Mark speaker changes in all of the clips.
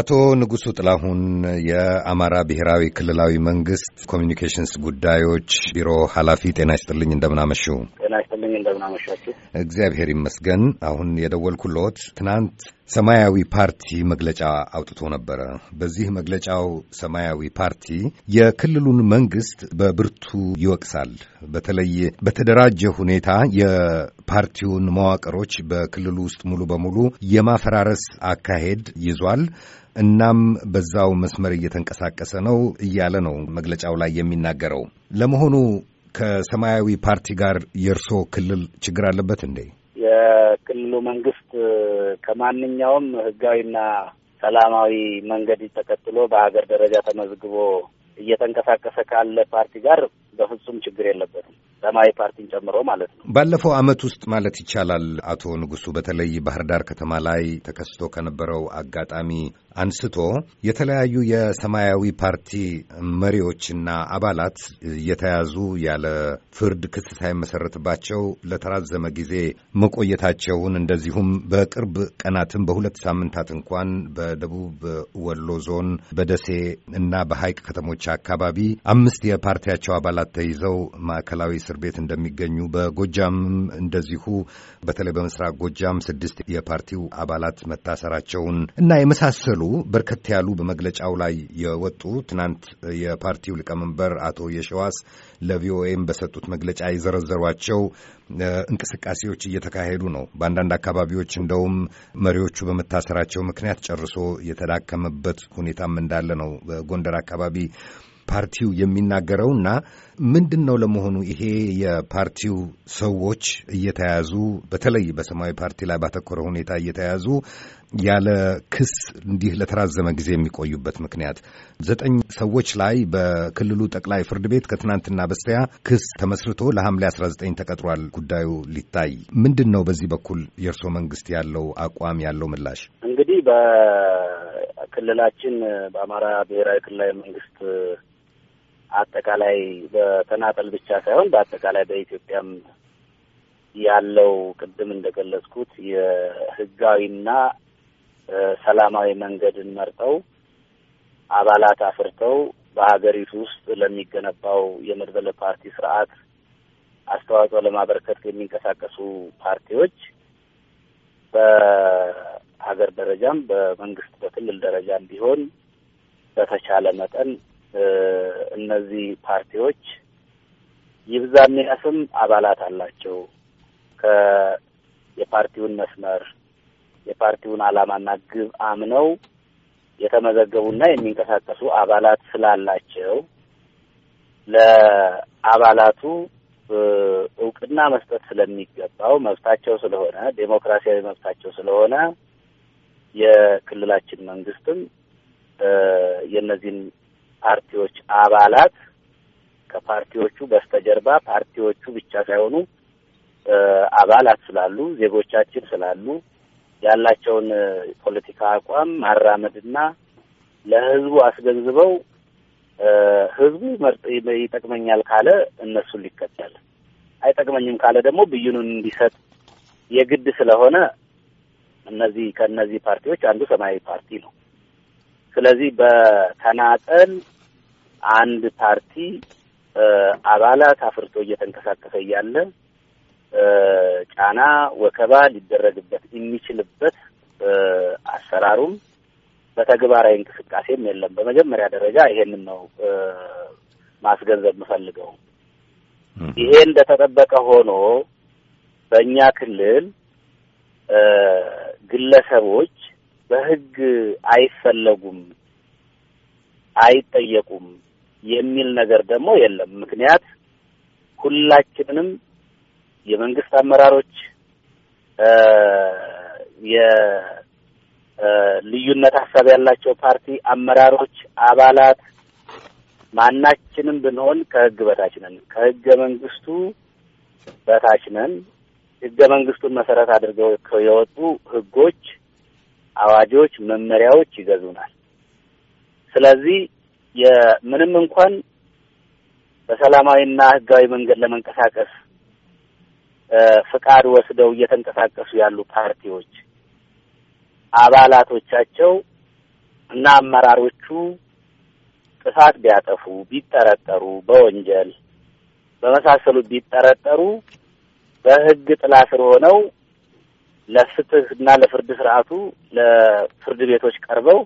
Speaker 1: አቶ ንጉሱ ጥላሁን የአማራ ብሔራዊ ክልላዊ መንግስት ኮሚኒኬሽንስ ጉዳዮች ቢሮ ኃላፊ፣ ጤና ይስጥልኝ። እንደምናመሹ።
Speaker 2: ጤና ይስጥልኝ። እንደምናመሻችሁ።
Speaker 1: እግዚአብሔር ይመስገን። አሁን የደወልኩሎት ትናንት ሰማያዊ ፓርቲ መግለጫ አውጥቶ ነበረ። በዚህ መግለጫው ሰማያዊ ፓርቲ የክልሉን መንግስት በብርቱ ይወቅሳል። በተለይ በተደራጀ ሁኔታ የፓርቲውን መዋቅሮች በክልሉ ውስጥ ሙሉ በሙሉ የማፈራረስ አካሄድ ይዟል። እናም በዛው መስመር እየተንቀሳቀሰ ነው እያለ ነው መግለጫው ላይ የሚናገረው። ለመሆኑ ከሰማያዊ ፓርቲ ጋር የእርሶ ክልል ችግር አለበት እንዴ?
Speaker 2: የክልሉ መንግስት ከማንኛውም ህጋዊና ሰላማዊ መንገድ ተከትሎ በሀገር ደረጃ ተመዝግቦ እየተንቀሳቀሰ ካለ ፓርቲ ጋር በፍጹም ችግር የለበትም። ሰማያዊ ፓርቲን ጨምሮ ማለት
Speaker 1: ነው። ባለፈው ዓመት ውስጥ ማለት ይቻላል አቶ ንጉሱ በተለይ ባህር ዳር ከተማ ላይ ተከስቶ ከነበረው አጋጣሚ አንስቶ የተለያዩ የሰማያዊ ፓርቲ መሪዎችና አባላት እየተያዙ ያለ ፍርድ ክስ ሳይመሰረትባቸው ለተራዘመ ጊዜ መቆየታቸውን እንደዚሁም በቅርብ ቀናትም በሁለት ሳምንታት እንኳን በደቡብ ወሎ ዞን በደሴ እና በሐይቅ ከተሞች አካባቢ አምስት የፓርቲያቸው አባላት ተይዘው ማዕከላዊ ምክር ቤት እንደሚገኙ በጎጃምም እንደዚሁ በተለይ በምስራቅ ጎጃም ስድስት የፓርቲው አባላት መታሰራቸውን እና የመሳሰሉ በርከት ያሉ በመግለጫው ላይ የወጡ ትናንት የፓርቲው ሊቀመንበር አቶ የሸዋስ ለቪኦኤም በሰጡት መግለጫ የዘረዘሯቸው እንቅስቃሴዎች እየተካሄዱ ነው። በአንዳንድ አካባቢዎች እንደውም መሪዎቹ በመታሰራቸው ምክንያት ጨርሶ የተዳከመበት ሁኔታም እንዳለ ነው። በጎንደር አካባቢ ፓርቲው የሚናገረውና ምንድን ነው ለመሆኑ ይሄ የፓርቲው ሰዎች እየተያዙ በተለይ በሰማያዊ ፓርቲ ላይ ባተኮረ ሁኔታ እየተያዙ ያለ ክስ እንዲህ ለተራዘመ ጊዜ የሚቆዩበት ምክንያት? ዘጠኝ ሰዎች ላይ በክልሉ ጠቅላይ ፍርድ ቤት ከትናንትና በስቲያ ክስ ተመስርቶ ለሐምሌ 19 ተቀጥሯል ጉዳዩ ሊታይ። ምንድን ነው በዚህ በኩል የእርስዎ መንግስት ያለው አቋም ያለው ምላሽ?
Speaker 2: እንግዲህ በክልላችን በአማራ ብሔራዊ ክልላዊ መንግስት አጠቃላይ በተናጠል ብቻ ሳይሆን በአጠቃላይ በኢትዮጵያም ያለው ቅድም እንደገለጽኩት የህጋዊና ሰላማዊ መንገድን መርጠው አባላት አፍርተው በሀገሪቱ ውስጥ ለሚገነባው የመድበለ ፓርቲ ስርዓት አስተዋጽኦ ለማበረከት የሚንቀሳቀሱ ፓርቲዎች በሀገር ደረጃም በመንግስት በክልል ደረጃም ቢሆን በተቻለ መጠን እነዚህ ፓርቲዎች ይብዛም ያስም አባላት አላቸው። የፓርቲውን መስመር የፓርቲውን ዓላማና ግብ አምነው የተመዘገቡና የሚንቀሳቀሱ አባላት ስላላቸው ለአባላቱ እውቅና መስጠት ስለሚገባው መብታቸው ስለሆነ ዴሞክራሲያዊ መብታቸው ስለሆነ የክልላችን መንግስትም የእነዚህን ፓርቲዎች አባላት ከፓርቲዎቹ በስተጀርባ ፓርቲዎቹ ብቻ ሳይሆኑ አባላት ስላሉ ዜጎቻችን ስላሉ ያላቸውን ፖለቲካ አቋም ማራመድና ለህዝቡ አስገንዝበው ሕዝቡ ይጠቅመኛል ካለ እነሱን ሊከተል አይጠቅመኝም ካለ ደግሞ ብይኑን እንዲሰጥ የግድ ስለሆነ እነዚህ ከእነዚህ ፓርቲዎች አንዱ ሰማያዊ ፓርቲ ነው። ስለዚህ በተናጠል አንድ ፓርቲ አባላት አፍርቶ እየተንቀሳቀሰ እያለ ጫና፣ ወከባ ሊደረግበት የሚችልበት አሰራሩም በተግባራዊ እንቅስቃሴም የለም። በመጀመሪያ ደረጃ ይሄንን ነው ማስገንዘብ የምፈልገው። ይሄ እንደተጠበቀ ሆኖ በእኛ ክልል ግለሰቦች በሕግ አይፈለጉም፣ አይጠየቁም የሚል ነገር ደግሞ የለም። ምክንያት ሁላችንም የመንግስት አመራሮች የልዩነት ሀሳብ ያላቸው ፓርቲ አመራሮች፣ አባላት ማናችንም ብንሆን ከህግ በታች ነን፣ ከህገ መንግስቱ በታች ነን። ህገ መንግስቱን መሰረት አድርገው የወጡ ህጎች፣ አዋጆች፣ መመሪያዎች ይገዙናል። ስለዚህ የምንም እንኳን በሰላማዊና ህጋዊ መንገድ ለመንቀሳቀስ ፍቃድ ወስደው እየተንቀሳቀሱ ያሉ ፓርቲዎች አባላቶቻቸው እና አመራሮቹ ጥፋት ቢያጠፉ ቢጠረጠሩ በወንጀል በመሳሰሉት ቢጠረጠሩ በህግ ጥላ ስር ሆነው ለፍትህ እና ለፍርድ ስርዓቱ ለፍርድ ቤቶች ቀርበው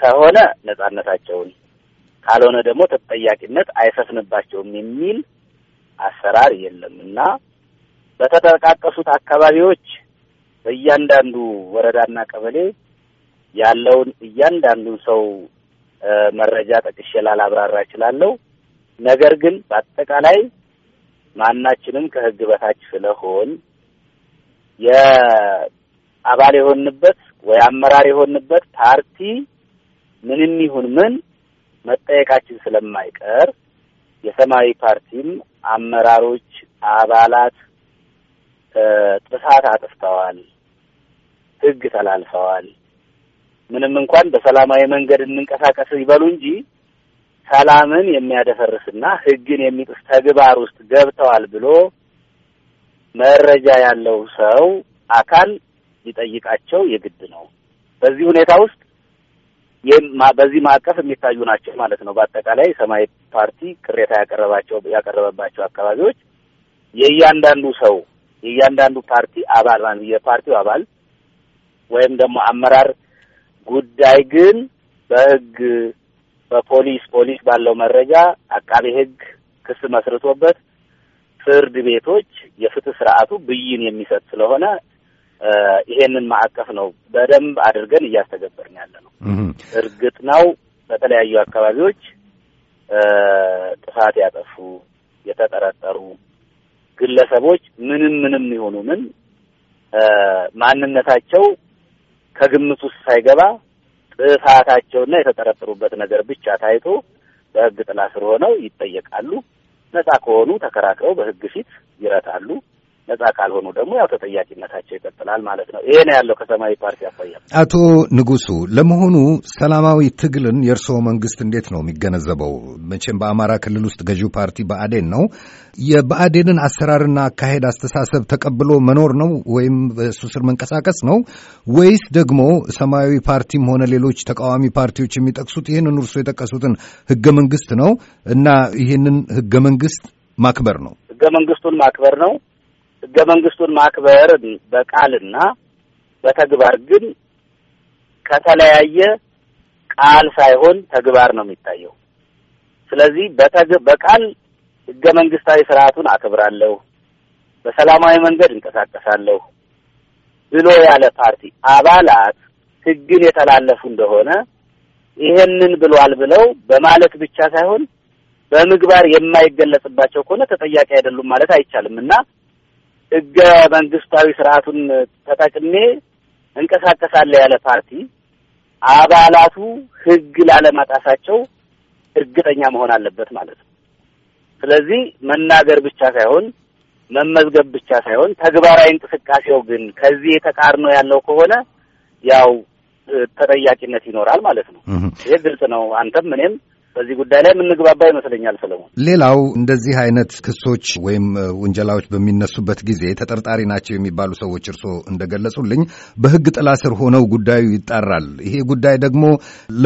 Speaker 2: ከሆነ ነጻነታቸውን ካልሆነ ደግሞ ተጠያቂነት አይሰፍንባቸውም የሚል አሰራር የለም እና በተጠቃቀሱት አካባቢዎች በእያንዳንዱ ወረዳና ቀበሌ ያለውን እያንዳንዱን ሰው መረጃ ጠቅሼ ላላብራራ እችላለሁ። ነገር ግን በአጠቃላይ ማናችንም ከሕግ በታች ስለሆን የአባል የሆንበት ወይ አመራር የሆንበት ፓርቲ ምንም ይሁን ምን መጠየቃችን ስለማይቀር የሰማያዊ ፓርቲም አመራሮች፣ አባላት ጥፋት አጥፍተዋል፣ ህግ ተላልፈዋል፣ ምንም እንኳን በሰላማዊ መንገድ እንንቀሳቀስ ይበሉ እንጂ ሰላምን የሚያደፈርስና ህግን የሚጥስ ተግባር ውስጥ ገብተዋል ብሎ መረጃ ያለው ሰው አካል ሊጠይቃቸው የግድ ነው። በዚህ ሁኔታ ውስጥ በዚህ ማዕቀፍ የሚታዩ ናቸው ማለት ነው። በአጠቃላይ ሰማያዊ ፓርቲ ቅሬታ ያቀረባቸው ያቀረበባቸው አካባቢዎች የእያንዳንዱ ሰው የእያንዳንዱ ፓርቲ አባል የፓርቲው አባል ወይም ደግሞ አመራር ጉዳይ ግን በህግ በፖሊስ ፖሊስ ባለው መረጃ አቃቤ ህግ ክስ መስርቶበት ፍርድ ቤቶች የፍትህ ስርዓቱ ብይን የሚሰጥ ስለሆነ ይሄንን ማዕቀፍ ነው በደንብ አድርገን እያስተገበርን ያለ ነው። እርግጥ ነው በተለያዩ አካባቢዎች ጥፋት ያጠፉ የተጠረጠሩ ግለሰቦች ምንም ምንም የሆኑ ምን ማንነታቸው ከግምት ውስጥ ሳይገባ ጥፋታቸውና የተጠረጠሩበት ነገር ብቻ ታይቶ በሕግ ጥላ ስር ሆነው ይጠየቃሉ። ነፃ ከሆኑ ተከራክረው በሕግ ፊት ይረታሉ። ነጻ ካልሆኑ ደግሞ ያው ተጠያቂነታቸው ይቀጥላል ማለት ነው። ይሄ ነው ያለው ከሰማያዊ ፓርቲ አኳያ።
Speaker 1: አቶ ንጉሱ፣ ለመሆኑ ሰላማዊ ትግልን የእርስዎ መንግስት እንዴት ነው የሚገነዘበው? መቼም በአማራ ክልል ውስጥ ገዢው ፓርቲ በአዴን ነው። የበአዴንን አሰራርና አካሄድ፣ አስተሳሰብ ተቀብሎ መኖር ነው ወይም በእሱ ስር መንቀሳቀስ ነው ወይስ ደግሞ ሰማያዊ ፓርቲም ሆነ ሌሎች ተቃዋሚ ፓርቲዎች የሚጠቅሱት ይህንን እርሶ የጠቀሱትን ህገ መንግስት ነው እና ይህንን ህገ መንግስት ማክበር ነው።
Speaker 2: ህገ መንግስቱን ማክበር ነው። ህገ መንግስቱን ማክበር በቃልና በተግባር ግን ከተለያየ ቃል ሳይሆን ተግባር ነው የሚታየው። ስለዚህ በቃል ህገ መንግስታዊ ስርዓቱን አክብራለሁ፣ በሰላማዊ መንገድ እንቀሳቀሳለሁ ብሎ ያለ ፓርቲ አባላት ህግን የተላለፉ እንደሆነ ይሄንን ብሏል ብለው በማለት ብቻ ሳይሆን በምግባር የማይገለጽባቸው ከሆነ ተጠያቂ አይደሉም ማለት አይቻልም እና ህገ መንግስታዊ ስርዓቱን ተጠቅሜ እንቀሳቀሳለሁ ያለ ፓርቲ አባላቱ ህግ ላለማጣሳቸው እርግጠኛ መሆን አለበት ማለት ነው። ስለዚህ መናገር ብቻ ሳይሆን መመዝገብ ብቻ ሳይሆን ተግባራዊ እንቅስቃሴው ግን ከዚህ የተቃርኖ ያለው ከሆነ ያው ተጠያቂነት ይኖራል ማለት ነው። ይህ ግልጽ ነው። አንተም እኔም በዚህ ጉዳይ ላይ የምንግባባ ይመስለኛል ሰለሞን።
Speaker 1: ሌላው እንደዚህ አይነት ክሶች ወይም ውንጀላዎች በሚነሱበት ጊዜ ተጠርጣሪ ናቸው የሚባሉ ሰዎች እርስዎ እንደገለጹልኝ በህግ ጥላ ስር ሆነው ጉዳዩ ይጣራል። ይሄ ጉዳይ ደግሞ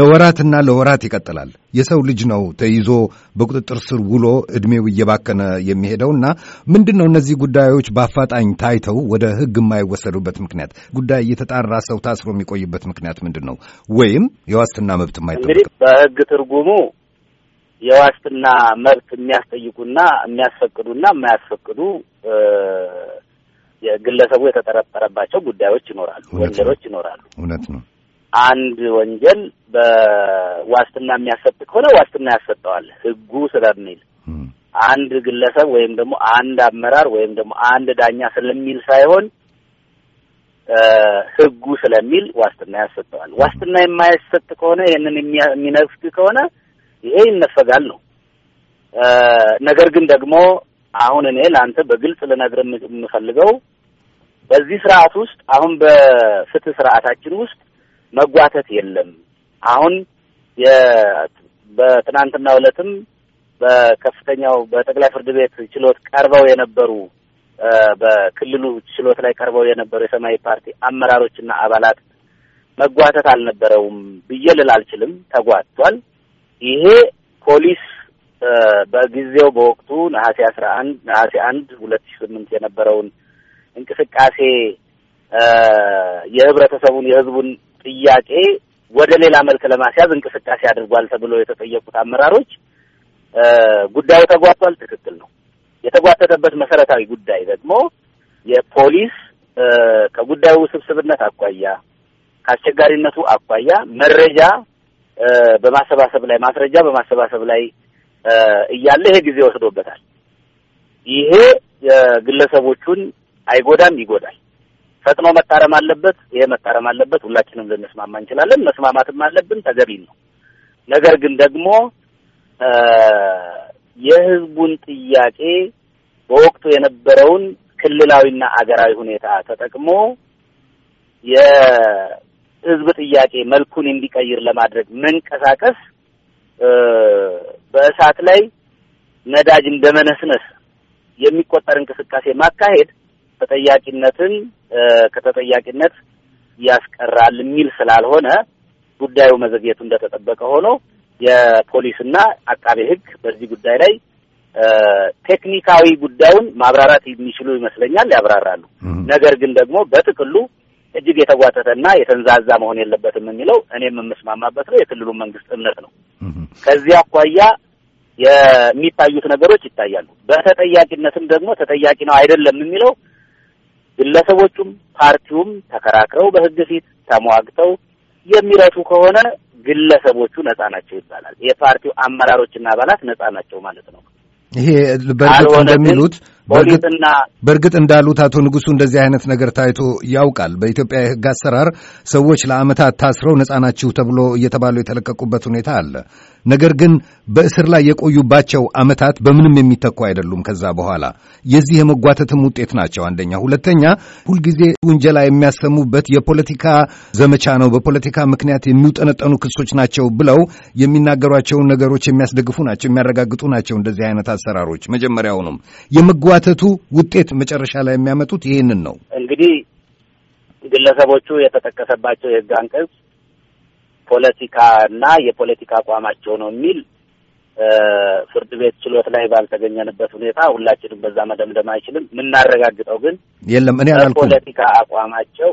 Speaker 1: ለወራትና ለወራት ይቀጥላል። የሰው ልጅ ነው ተይዞ በቁጥጥር ስር ውሎ እድሜው እየባከነ እና ምንድን ነው እነዚህ ጉዳዮች በአፋጣኝ ታይተው ወደ ህግ የማይወሰዱበት ምክንያት ጉዳይ እየተጣራ ሰው ታስሮ የሚቆይበት ምክንያት ምንድን ነው? ወይም የዋስትና መብት የማይጠ
Speaker 2: በህግ ትርጉሙ የዋስትና መብት የሚያስጠይቁና የሚያስፈቅዱና የማያስፈቅዱ ግለሰቡ የተጠረጠረባቸው ጉዳዮች ይኖራሉ፣ ወንጀሎች ይኖራሉ። እውነት ነው። አንድ ወንጀል በዋስትና የሚያሰጥ ከሆነ ዋስትና ያሰጠዋል ህጉ ስለሚል አንድ ግለሰብ ወይም ደግሞ አንድ አመራር ወይም ደግሞ አንድ ዳኛ ስለሚል ሳይሆን ህጉ ስለሚል ዋስትና ያሰጠዋል። ዋስትና የማያሰጥ ከሆነ ይህንን የሚነፍግ ከሆነ ይሄ ይነፈጋል ነው። ነገር ግን ደግሞ አሁን እኔ ለአንተ በግልጽ ልነግር የምፈልገው በዚህ ስርዓት ውስጥ አሁን በፍትህ ስርዓታችን ውስጥ መጓተት የለም። አሁን በትናንትና ዕለትም በከፍተኛው በጠቅላይ ፍርድ ቤት ችሎት ቀርበው የነበሩ በክልሉ ችሎት ላይ ቀርበው የነበሩ የሰማያዊ ፓርቲ አመራሮችና አባላት መጓተት አልነበረውም ብዬ ልል አልችልም። ተጓቷል። ይሄ ፖሊስ በጊዜው በወቅቱ ነሐሴ አስራ አንድ ነሐሴ አንድ ሁለት ሺ ስምንት የነበረውን እንቅስቃሴ የህብረተሰቡን የህዝቡን ጥያቄ ወደ ሌላ መልክ ለማስያዝ እንቅስቃሴ አድርጓል ተብሎ የተጠየቁት አመራሮች ጉዳዩ ተጓቷል። ትክክል ነው። የተጓተተበት መሰረታዊ ጉዳይ ደግሞ የፖሊስ ከጉዳዩ ውስብስብነት አኳያ ከአስቸጋሪነቱ አኳያ መረጃ በማሰባሰብ ላይ ማስረጃ በማሰባሰብ ላይ እያለ ይሄ ጊዜ ወስዶበታል። ይሄ የግለሰቦቹን አይጎዳም፣ ይጎዳል። ፈጥኖ መታረም አለበት። ይሄ መታረም አለበት። ሁላችንም ልንስማማ እንችላለን፣ መስማማትም አለብን፣ ተገቢም ነው። ነገር ግን ደግሞ የህዝቡን ጥያቄ በወቅቱ የነበረውን ክልላዊና አገራዊ ሁኔታ ተጠቅሞ ህዝብ ጥያቄ መልኩን እንዲቀይር ለማድረግ መንቀሳቀስ በእሳት ላይ ነዳጅ እንደመነስነስ የሚቆጠር እንቅስቃሴ ማካሄድ ተጠያቂነትን ከተጠያቂነት ያስቀራል የሚል ስላልሆነ ጉዳዩ መዘግየቱ እንደተጠበቀ ሆኖ የፖሊስና አቃቤ ሕግ በዚህ ጉዳይ ላይ ቴክኒካዊ ጉዳዩን ማብራራት የሚችሉ ይመስለኛል፣ ያብራራሉ። ነገር ግን ደግሞ በጥቅሉ እጅግ የተጓተተና የተንዛዛ መሆን የለበትም የሚለው እኔም የምስማማበት ነው፣ የክልሉ መንግስት እምነት ነው። ከዚህ አኳያ የሚታዩት ነገሮች ይታያሉ። በተጠያቂነትም ደግሞ ተጠያቂ ነው አይደለም የሚለው ግለሰቦቹም ፓርቲውም ተከራክረው በህግ ፊት ተሟግተው የሚረቱ ከሆነ ግለሰቦቹ ነጻ ናቸው ይባላል። የፓርቲው አመራሮችና አባላት ነጻ ናቸው ማለት ነው።
Speaker 1: ይሄ በእርግጥ እንደሚሉት በእርግጥ እንዳሉት አቶ ንጉሱ እንደዚህ አይነት ነገር ታይቶ ያውቃል። በኢትዮጵያ የህግ አሰራር ሰዎች ለአመታት ታስረው ነጻ ናችሁ ተብሎ እየተባሉ የተለቀቁበት ሁኔታ አለ። ነገር ግን በእስር ላይ የቆዩባቸው ዓመታት በምንም የሚተኩ አይደሉም። ከዛ በኋላ የዚህ የመጓተትም ውጤት ናቸው። አንደኛ። ሁለተኛ፣ ሁልጊዜ ውንጀላ የሚያሰሙበት የፖለቲካ ዘመቻ ነው፣ በፖለቲካ ምክንያት የሚውጠነጠኑ ክሶች ናቸው ብለው የሚናገሯቸውን ነገሮች የሚያስደግፉ ናቸው፣ የሚያረጋግጡ ናቸው። እንደዚህ አይነት አሰራሮች መጀመሪያውኑም የመጓተቱ ውጤት መጨረሻ ላይ የሚያመጡት ይህንን ነው።
Speaker 2: እንግዲህ ግለሰቦቹ የተጠቀሰባቸው የህግ አንቀጽ ፖለቲካ እና የፖለቲካ አቋማቸው ነው የሚል ፍርድ ቤት ችሎት ላይ ባልተገኘንበት ሁኔታ ሁላችንም በዛ መደምደም አይችልም። የምናረጋግጠው ግን
Speaker 1: የለም። እኔ አላልኩም በፖለቲካ
Speaker 2: አቋማቸው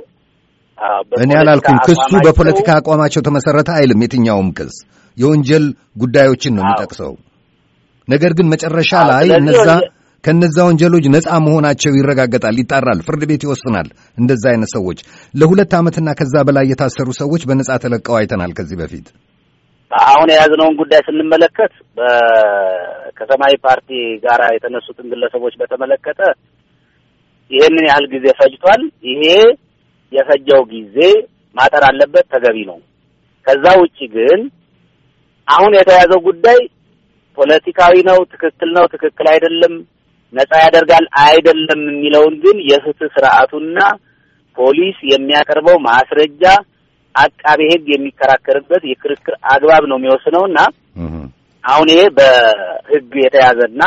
Speaker 2: እኔ አላልኩም። ክሱ በፖለቲካ
Speaker 1: አቋማቸው ተመሰረተ አይልም። የትኛውም ክስ የወንጀል ጉዳዮችን ነው የሚጠቅሰው። ነገር ግን መጨረሻ ላይ እነዛ ከነዛ ወንጀሎች ነፃ መሆናቸው ይረጋገጣል፣ ይጣራል፣ ፍርድ ቤት ይወስናል። እንደዛ አይነት ሰዎች ለሁለት ዓመትና ከዛ በላይ የታሰሩ ሰዎች በነፃ ተለቀው አይተናል ከዚህ በፊት።
Speaker 2: አሁን የያዝነውን ጉዳይ ስንመለከት ከሰማያዊ ፓርቲ ጋር የተነሱትን ግለሰቦች በተመለከተ ይሄንን ያህል ጊዜ ፈጅቷል። ይሄ የፈጀው ጊዜ ማጠር አለበት፣ ተገቢ ነው። ከዛ ውጪ ግን አሁን የተያዘው ጉዳይ ፖለቲካዊ ነው፣ ትክክል ነው፣ ትክክል አይደለም ነጻ ያደርጋል አይደለም የሚለውን ግን የፍትህ ስርዓቱና ፖሊስ የሚያቀርበው ማስረጃ አቃቤ ህግ የሚከራከርበት የክርክር አግባብ ነው የሚወስነው እና አሁን ይሄ በህግ የተያዘና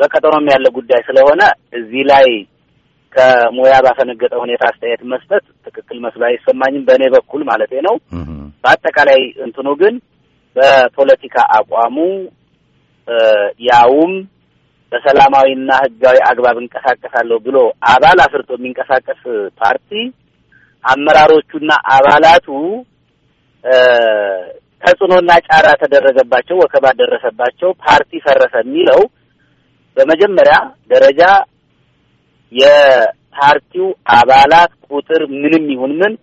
Speaker 2: በቀጠሮም ያለ ጉዳይ ስለሆነ እዚህ ላይ ከሙያ ባፈነገጠ ሁኔታ አስተያየት መስጠት ትክክል መስሎ አይሰማኝም፣ በእኔ በኩል ማለት ነው። በአጠቃላይ እንትኑ ግን በፖለቲካ አቋሙ ያውም በሰላማዊና ህጋዊ አግባብ እንቀሳቀሳለሁ ብሎ አባል አፍርቶ የሚንቀሳቀስ ፓርቲ አመራሮቹና አባላቱ ተጽዕኖና ጫራ ተደረገባቸው፣ ወከባ ደረሰባቸው፣ ፓርቲ ፈረሰ የሚለው በመጀመሪያ ደረጃ የፓርቲው አባላት ቁጥር ምንም ይሁን ምን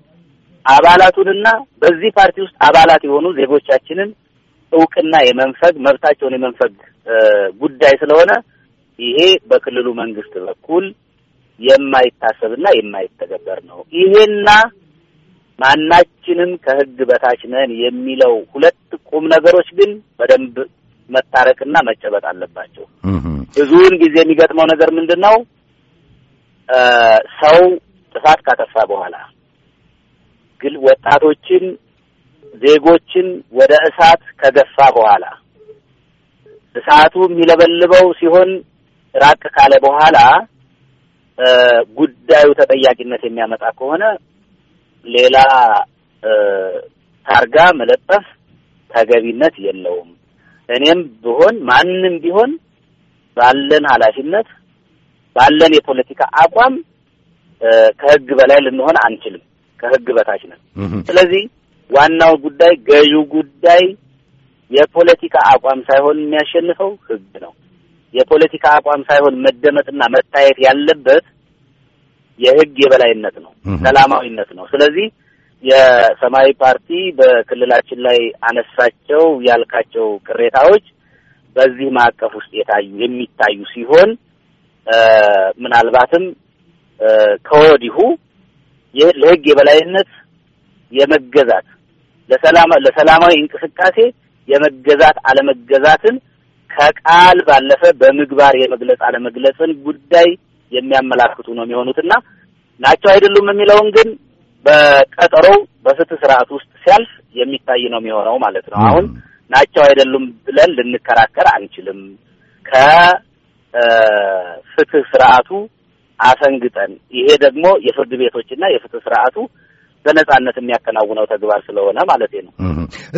Speaker 2: አባላቱንና በዚህ ፓርቲ ውስጥ አባላት የሆኑ ዜጎቻችንን እውቅና የመንፈግ መብታቸውን የመንፈግ ጉዳይ ስለሆነ ይሄ በክልሉ መንግስት በኩል የማይታሰብና የማይተገበር ነው። ይሄና ማናችንም ከህግ በታች ነን የሚለው ሁለት ቁም ነገሮች ግን በደንብ መታረቅና መጨበጥ አለባቸው። ብዙውን ጊዜ የሚገጥመው ነገር ምንድን ነው? ሰው ጥፋት ካጠፋ በኋላ ግል ወጣቶችን፣ ዜጎችን ወደ እሳት ከገፋ በኋላ እሳቱ የሚለበልበው ሲሆን ራቅ ካለ በኋላ ጉዳዩ ተጠያቂነት የሚያመጣ ከሆነ ሌላ ታርጋ መለጠፍ ተገቢነት የለውም። እኔም ብሆን ማንም ቢሆን ባለን ኃላፊነት ባለን የፖለቲካ አቋም ከህግ በላይ ልንሆን አንችልም። ከህግ በታች ነን። ስለዚህ ዋናው ጉዳይ ገዢው ጉዳይ የፖለቲካ አቋም ሳይሆን የሚያሸንፈው ህግ ነው። የፖለቲካ አቋም ሳይሆን መደመጥና መታየት ያለበት የህግ የበላይነት ነው፣ ሰላማዊነት ነው። ስለዚህ የሰማያዊ ፓርቲ በክልላችን ላይ አነሳቸው ያልካቸው ቅሬታዎች በዚህ ማዕቀፍ ውስጥ የታዩ የሚታዩ ሲሆን ምናልባትም ከወዲሁ ለህግ የበላይነት የመገዛት ለሰላማዊ እንቅስቃሴ የመገዛት አለመገዛትን ከቃል ባለፈ በምግባር የመግለጽ አለመግለጽን ጉዳይ የሚያመላክቱ ነው የሚሆኑትና ናቸው አይደሉም የሚለውን ግን በቀጠሮው በፍትህ ስርዓት ውስጥ ሲያልፍ የሚታይ ነው የሚሆነው ማለት ነው። አሁን ናቸው አይደሉም ብለን ልንከራከር አንችልም። ከፍትህ ስርዓቱ አሰንግጠን ይሄ ደግሞ የፍርድ ቤቶችና የፍትህ ስርዓቱ በነጻነት የሚያከናውነው ተግባር ስለሆነ ማለት ነው።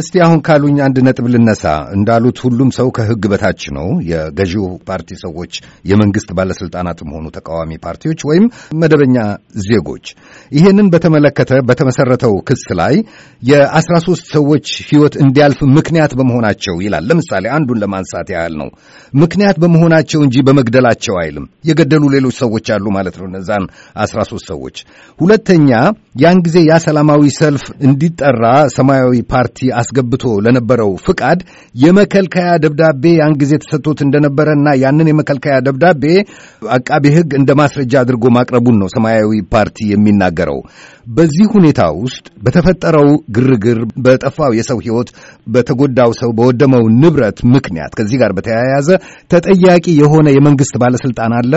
Speaker 1: እስቲ አሁን ካሉኝ አንድ ነጥብ ልነሳ። እንዳሉት ሁሉም ሰው ከህግ በታች ነው። የገዢው ፓርቲ ሰዎች፣ የመንግስት ባለስልጣናትም ሆኑ ተቃዋሚ ፓርቲዎች ወይም መደበኛ ዜጎች። ይህንን በተመለከተ በተመሰረተው ክስ ላይ የአስራ ሶስት ሰዎች ህይወት እንዲያልፍ ምክንያት በመሆናቸው ይላል። ለምሳሌ አንዱን ለማንሳት ያህል ነው። ምክንያት በመሆናቸው እንጂ በመግደላቸው አይልም። የገደሉ ሌሎች ሰዎች አሉ ማለት ነው። እነዛን አስራ ሶስት ሰዎች ሁለተኛ ያን ጊዜ ያ ሰላማዊ ሰልፍ እንዲጠራ ሰማያዊ ፓርቲ አስገብቶ ለነበረው ፍቃድ የመከልከያ ደብዳቤ ያን ጊዜ ተሰጥቶት እና ያንን የመከልከያ ደብዳቤ አቃቢ ሕግ እንደ ማስረጃ አድርጎ ማቅረቡን ነው ሰማያዊ ፓርቲ የሚናገረው። በዚህ ሁኔታ ውስጥ በተፈጠረው ግርግር፣ በጠፋው የሰው ሕይወት፣ በተጎዳው ሰው፣ በወደመው ንብረት ምክንያት ከዚህ ጋር በተያያዘ ተጠያቂ የሆነ የመንግስት ባለስልጣን አለ?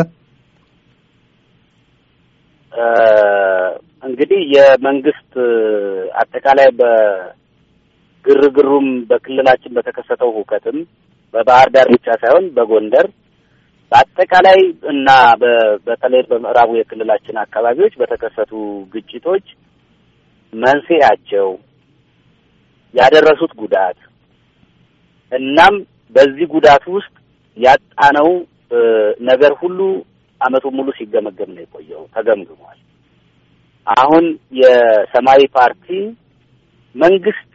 Speaker 2: እንግዲህ የመንግስት አጠቃላይ በግርግሩም በክልላችን በተከሰተው ሁከትም በባህር ዳር ብቻ ሳይሆን በጎንደር በአጠቃላይ እና በተለይ በምዕራቡ የክልላችን አካባቢዎች በተከሰቱ ግጭቶች መንስኤያቸው ያደረሱት ጉዳት እናም በዚህ ጉዳት ውስጥ ያጣነው ነገር ሁሉ አመቱን ሙሉ ሲገመገም ነው የቆየው። ተገምግሟል። አሁን የሰማያዊ ፓርቲ መንግስት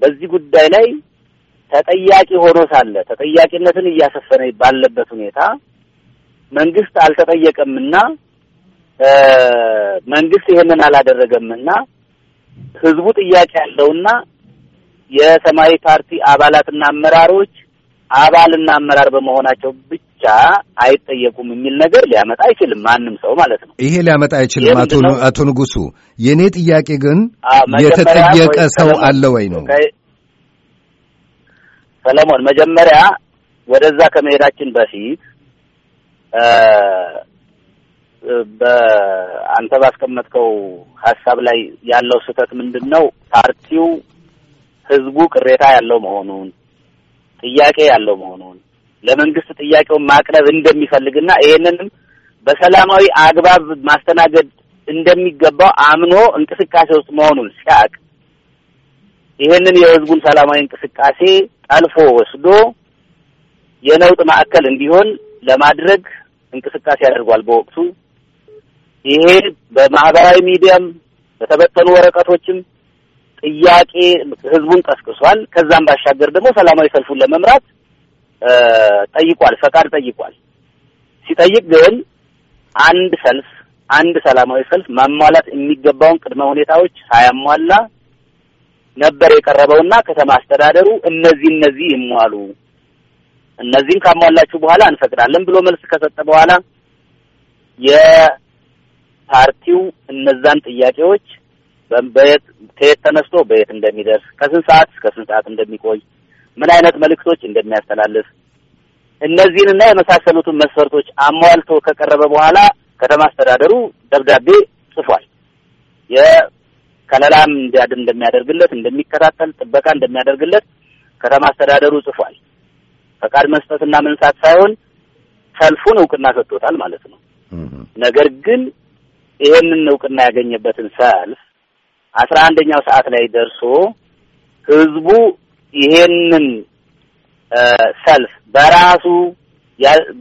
Speaker 2: በዚህ ጉዳይ ላይ ተጠያቂ ሆኖ ሳለ ተጠያቂነትን እያሰፈነ ባለበት ሁኔታ መንግስት አልተጠየቀምና መንግስት ይሄንን አላደረገምና ህዝቡ ጥያቄ ያለውና የሰማያዊ ፓርቲ አባላትና አመራሮች አባልና አመራር በመሆናቸው ብቻ አይጠየቁም የሚል ነገር ሊያመጣ አይችልም፣ ማንም ሰው ማለት ነው።
Speaker 1: ይሄ ሊያመጣ አይችልም። አቶ ንጉሱ፣ የእኔ ጥያቄ ግን
Speaker 2: የተጠየቀ
Speaker 1: ሰው አለ ወይ ነው።
Speaker 2: ሰለሞን፣ መጀመሪያ ወደዛ ከመሄዳችን በፊት በአንተ ባስቀመጥከው ሀሳብ ላይ ያለው ስህተት ምንድን ነው? ፓርቲው ህዝቡ ቅሬታ ያለው መሆኑን ጥያቄ ያለው መሆኑን ለመንግስት ጥያቄውን ማቅረብ እንደሚፈልግና ይሄንንም በሰላማዊ አግባብ ማስተናገድ እንደሚገባው አምኖ እንቅስቃሴ ውስጥ መሆኑን ሲያቅ ይህንን የህዝቡን ሰላማዊ እንቅስቃሴ ጠልፎ ወስዶ የነውጥ ማዕከል እንዲሆን ለማድረግ እንቅስቃሴ ያደርጓል። በወቅቱ ይሄ በማህበራዊ ሚዲያም በተበተኑ ወረቀቶችም ጥያቄ ህዝቡን ቀስቅሷል። ከዛም ባሻገር ደግሞ ሰላማዊ ሰልፉን ለመምራት ጠይቋል፣ ፈቃድ ጠይቋል። ሲጠይቅ ግን አንድ ሰልፍ አንድ ሰላማዊ ሰልፍ ማሟላት የሚገባውን ቅድመ ሁኔታዎች ሳያሟላ ነበር የቀረበውና ከተማ አስተዳደሩ እነዚህ እነዚህ ይሟሉ፣ እነዚህን ካሟላችሁ በኋላ እንፈቅዳለን ብሎ መልስ ከሰጠ በኋላ የፓርቲው እነዛን ጥያቄዎች በየት ከየት ተነስቶ በየት እንደሚደርስ ከስንት ሰዓት እስከ ስንት ሰዓት እንደሚቆይ ምን አይነት መልእክቶች እንደሚያስተላልፍ እነዚህንና የመሳሰሉትን መስፈርቶች አሟልቶ ከቀረበ በኋላ ከተማ አስተዳደሩ ደብዳቤ ጽፏል። የከለላም እንዲያድን እንደሚያደርግለት፣ እንደሚከታተል ጥበቃ እንደሚያደርግለት ከተማ አስተዳደሩ ጽፏል። ፈቃድ መስጠትና መንሳት ሳይሆን ሰልፉን እውቅና ሰጥቶታል ማለት ነው። ነገር ግን ይሄንን እውቅና ያገኘበትን ሰልፍ አስራ አንደኛው ሰዓት ላይ ደርሶ ህዝቡ ይሄንን ሰልፍ በራሱ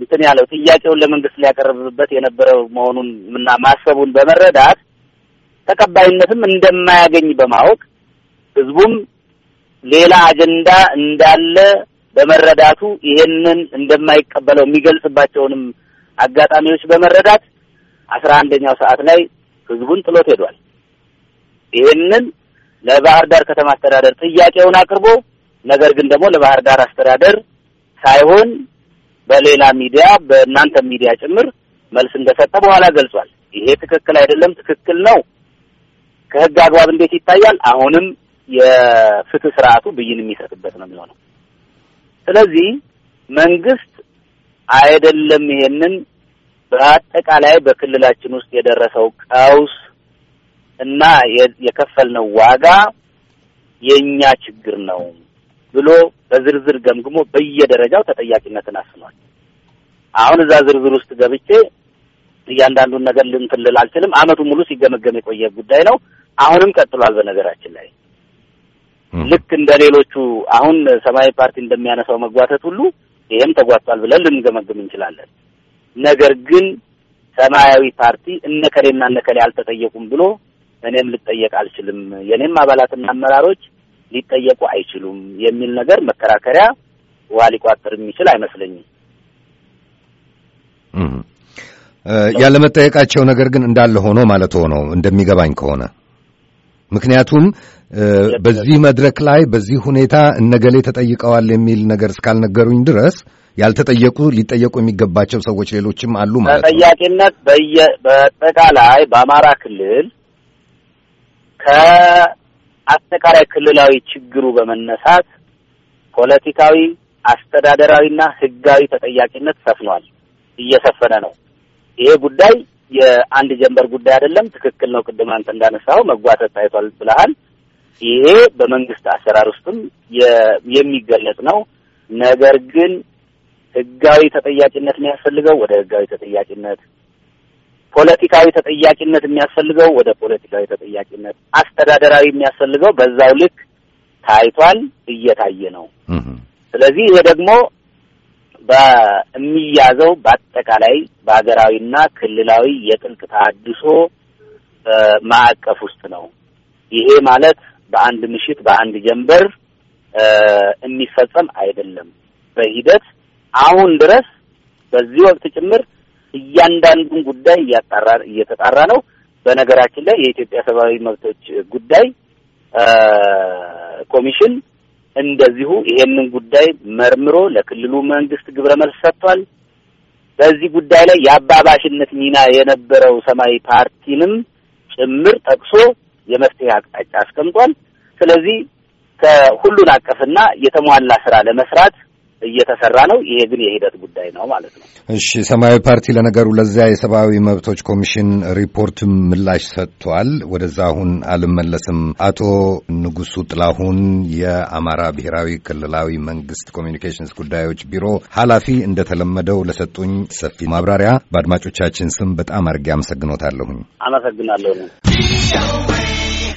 Speaker 2: እንትን ያለው ጥያቄውን ለመንግስት ሊያቀርብበት የነበረው መሆኑን እና ማሰቡን በመረዳት ተቀባይነትም እንደማያገኝ በማወቅ ህዝቡም ሌላ አጀንዳ እንዳለ በመረዳቱ ይሄንን እንደማይቀበለው የሚገልጽባቸውንም አጋጣሚዎች በመረዳት አስራ አንደኛው ሰዓት ላይ ህዝቡን ጥሎት ሄዷል። ይህንን ለባህር ዳር ከተማ አስተዳደር ጥያቄውን አቅርቦ ነገር ግን ደግሞ ለባህር ዳር አስተዳደር ሳይሆን በሌላ ሚዲያ በእናንተ ሚዲያ ጭምር መልስ እንደሰጠ በኋላ ገልጿል። ይሄ ትክክል አይደለም፣ ትክክል ነው፣ ከህግ አግባብ እንዴት ይታያል? አሁንም የፍትህ ስርዓቱ ብይን የሚሰጥበት ነው የሚሆነው። ስለዚህ መንግስት አይደለም ይሄንን በአጠቃላይ በክልላችን ውስጥ የደረሰው ቀውስ እና የከፈልነው ዋጋ የእኛ ችግር ነው ብሎ በዝርዝር ገምግሞ በየደረጃው ተጠያቂነትን አስኗል። አሁን እዛ ዝርዝር ውስጥ ገብቼ እያንዳንዱን ነገር ልንትልል አልችልም። አመቱ ሙሉ ሲገመገም የቆየ ጉዳይ ነው። አሁንም ቀጥሏል። በነገራችን ላይ ልክ እንደ ሌሎቹ አሁን ሰማያዊ ፓርቲ እንደሚያነሳው መጓተት ሁሉ ይህም ተጓቷል ብለን ልንገመግም እንችላለን። ነገር ግን ሰማያዊ ፓርቲ እነከሌና እነከሌ አልተጠየቁም ብሎ እኔም ልጠየቅ አልችልም፣ የእኔም አባላትና አመራሮች ሊጠየቁ አይችሉም የሚል ነገር መከራከሪያ ውሃ ሊቋጥር የሚችል አይመስለኝም።
Speaker 1: ያለመጠየቃቸው ነገር ግን እንዳለ ሆኖ ማለት ሆኖ እንደሚገባኝ ከሆነ ምክንያቱም በዚህ መድረክ ላይ በዚህ ሁኔታ እነገሌ ተጠይቀዋል የሚል ነገር እስካልነገሩኝ ድረስ ያልተጠየቁ ሊጠየቁ የሚገባቸው ሰዎች ሌሎችም አሉ ማለት ነው።
Speaker 2: ተጠያቂነት በየ በጠቃላይ በአማራ ክልል ከአጠቃላይ ክልላዊ ችግሩ በመነሳት ፖለቲካዊ፣ አስተዳደራዊና ህጋዊ ተጠያቂነት ሰፍኗል፣ እየሰፈነ ነው። ይሄ ጉዳይ የአንድ ጀንበር ጉዳይ አይደለም። ትክክል ነው። ቅድም አንተ እንዳነሳው መጓተት ታይቷል ብለሃል። ይሄ በመንግስት አሰራር ውስጥም የሚገለጽ ነው። ነገር ግን ህጋዊ ተጠያቂነት የሚያስፈልገው ወደ ህጋዊ ተጠያቂነት ፖለቲካዊ ተጠያቂነት የሚያስፈልገው ወደ ፖለቲካዊ ተጠያቂነት፣ አስተዳደራዊ የሚያስፈልገው በዛው ልክ ታይቷል፣ እየታየ ነው። ስለዚህ ይሄ ደግሞ በሚያዘው በአጠቃላይ በሀገራዊና ክልላዊ የጥልቅ ተሃድሶ ማዕቀፍ ውስጥ ነው። ይሄ ማለት በአንድ ምሽት በአንድ ጀንበር የሚፈጸም አይደለም። በሂደት አሁን ድረስ በዚህ ወቅት ጭምር እያንዳንዱን ጉዳይ እያጣራ እየተጣራ ነው። በነገራችን ላይ የኢትዮጵያ ሰብአዊ መብቶች ጉዳይ ኮሚሽን እንደዚሁ ይሄንን ጉዳይ መርምሮ ለክልሉ መንግስት ግብረ መልስ ሰጥቷል። በዚህ ጉዳይ ላይ የአባባሽነት ሚና የነበረው ሰማያዊ ፓርቲንም ጭምር ጠቅሶ የመፍትሄ አቅጣጫ አስቀምጧል። ስለዚህ ከሁሉን አቀፍና የተሟላ ስራ ለመስራት እየተሰራ ነው። ይሄ ግን የሂደት ጉዳይ ነው ማለት ነው።
Speaker 1: እሺ፣ ሰማያዊ ፓርቲ ለነገሩ ለዚያ የሰብአዊ መብቶች ኮሚሽን ሪፖርት ምላሽ ሰጥቷል። ወደዛ አሁን አልመለስም። አቶ ንጉሱ ጥላሁን የአማራ ብሔራዊ ክልላዊ መንግስት ኮሚኒኬሽንስ ጉዳዮች ቢሮ ኃላፊ እንደተለመደው ለሰጡኝ ሰፊ ማብራሪያ በአድማጮቻችን ስም በጣም አድርጌ አመሰግኖታለሁኝ።
Speaker 2: አመሰግናለሁ።